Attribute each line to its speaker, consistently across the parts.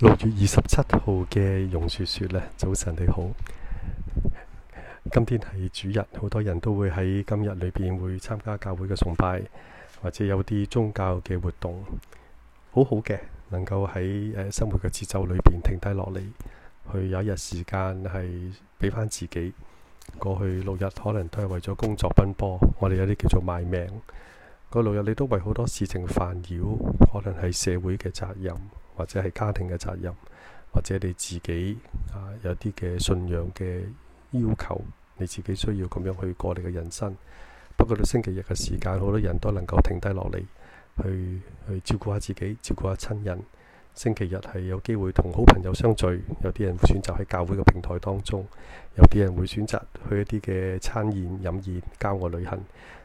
Speaker 1: 六月二十七號嘅容雪雪，咧，早晨你好。今天係主日，好多人都會喺今日裏邊會參加教會嘅崇拜，或者有啲宗教嘅活動，好好嘅，能夠喺、呃、生活嘅節奏裏邊停低落嚟，去有一日時間係俾返自己。過去六日可能都係為咗工作奔波，我哋有啲叫做賣命。個老友你都為好多事情煩擾，可能係社會嘅責任，或者係家庭嘅責任，或者你自己啊有啲嘅信仰嘅要求，你自己需要咁樣去過你嘅人生。不過到星期日嘅時間，好多人都能夠停低落嚟，去去照顧下自己，照顧下親人。星期日係有機會同好朋友相聚，有啲人會選擇喺教會嘅平台當中，有啲人會選擇去一啲嘅餐宴、飲宴、郊外旅行，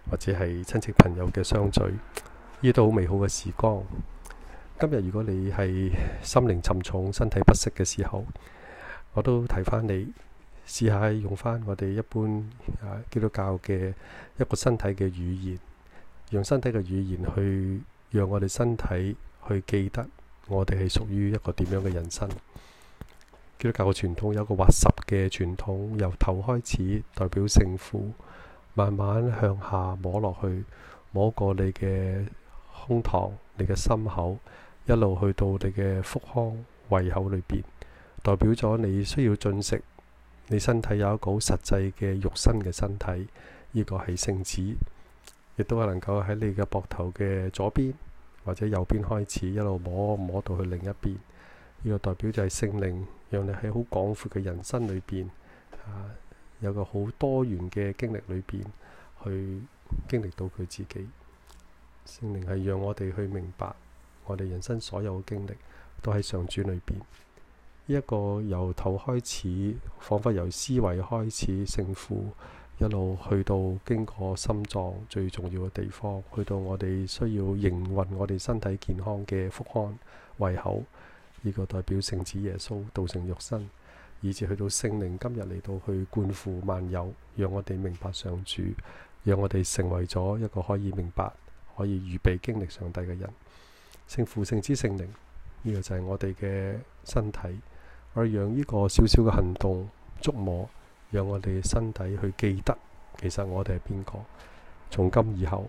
Speaker 1: 或者係親戚朋友嘅相聚，呢啲都好美好嘅時光。今日如果你係心靈沉重、身體不適嘅時候，我都提翻你試下用翻我哋一般啊基督教嘅一個身體嘅語言，用身體嘅語言去讓我哋身體去記得。我哋係屬於一個點樣嘅人生？基督教嘅傳統有個滑十嘅傳統，由頭開始代表聖父，慢慢向下摸落去，摸過你嘅胸膛、你嘅心口，一路去到你嘅腹腔、胃口裏邊，代表咗你需要進食。你身體有一個好實際嘅肉身嘅身體，呢、這個係聖子，亦都係能夠喺你嘅膊頭嘅左邊。或者右邊開始，一路摸摸到去另一邊，呢、這個代表就係聖靈，讓你喺好廣闊嘅人生裡邊，啊，有個好多元嘅經歷裡邊，去經歷到佢自己。聖靈係讓我哋去明白，我哋人生所有嘅經歷，都喺上主裡邊。呢、這、一個由頭開始，仿佛由思維開始，勝負。一路去到經過心臟最重要嘅地方，去到我哋需要營運我哋身體健康嘅腹腔、胃口，呢、這個代表聖子耶穌道成肉身，以至去到聖靈今日嚟到去灌注萬有，讓我哋明白上主，讓我哋成為咗一個可以明白、可以預備經歷上帝嘅人。聖父、聖子、聖靈，呢、這個就係我哋嘅身體，我哋讓呢個少少嘅行動觸摸。讓我哋身體去記得，其實我哋係邊個。從今以後，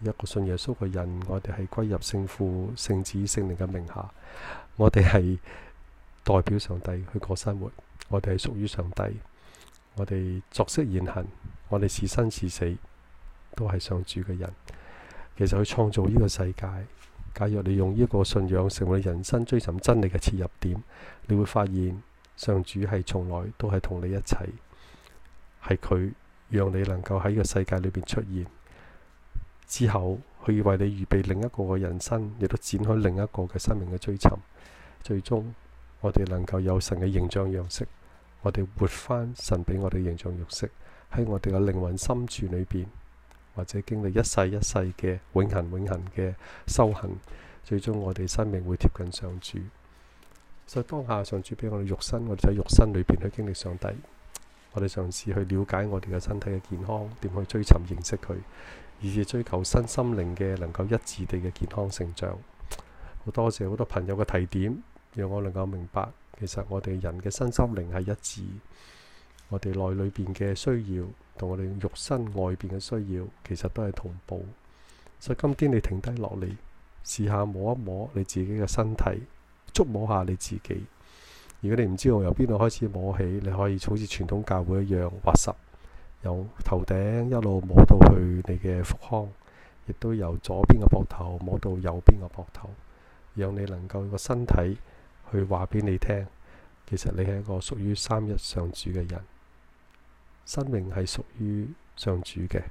Speaker 1: 一個信耶穌嘅人，我哋係歸入聖父、聖子、聖靈嘅名下。我哋係代表上帝去過生活，我哋係屬於上帝。我哋作息言行，我哋是生是死，都係上主嘅人。其實去創造呢個世界，假若你用呢個信仰成為人生追尋真理嘅切入點，你會發現。上主係從來都係同你一齊，係佢讓你能夠喺個世界裏邊出現，之後佢可以為你預備另一個嘅人生，亦都展開另一個嘅生命嘅追尋。最終，我哋能夠有神嘅形象樣式，我哋活翻神俾我哋形象樣式，喺我哋嘅靈魂深處裏邊，或者經歷一世一世嘅永恆永恆嘅修行，最終我哋生命會貼近上主。所以當下上主俾我哋肉身，我哋就喺肉身裏邊去經歷上帝。我哋嘗試去了解我哋嘅身體嘅健康，點去追尋認識佢，以至追求身心靈嘅能夠一致地嘅健康成長。好多謝好多朋友嘅提點，讓我能夠明白，其實我哋人嘅身心靈係一致。我哋內裏邊嘅需要同我哋肉身外邊嘅需要，其實都係同步。所以今天你停低落嚟，試下摸一摸你自己嘅身體。觸摸下你自己。如果你唔知道由邊度開始摸起，你可以好似傳統教會一樣，劃十，由頭頂一路摸到去你嘅腹腔，亦都由左邊嘅膊頭摸到右邊嘅膊頭，讓你能夠個身體去話俾你聽。其實你係一個屬於三一上主嘅人，生命係屬於上主嘅，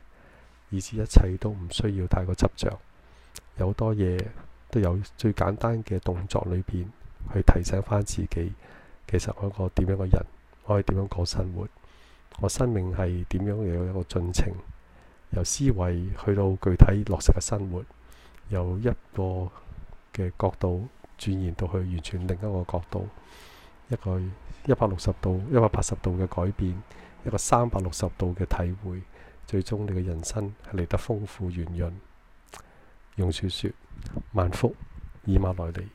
Speaker 1: 以至一切都唔需要太過執着，有好多嘢，都有最簡單嘅動作裏邊，去提醒翻自己，其實我一個點樣嘅人，我可以點樣過生活，我生命係點樣有一個進程，由思維去到具體落實嘅生活，由一個嘅角度，轉變到去完全另一個角度，一個一百六十度、一百八十度嘅改變，一個三百六十度嘅體會，最終你嘅人生係嚟得豐富圓潤。用小說：萬福以馬內利。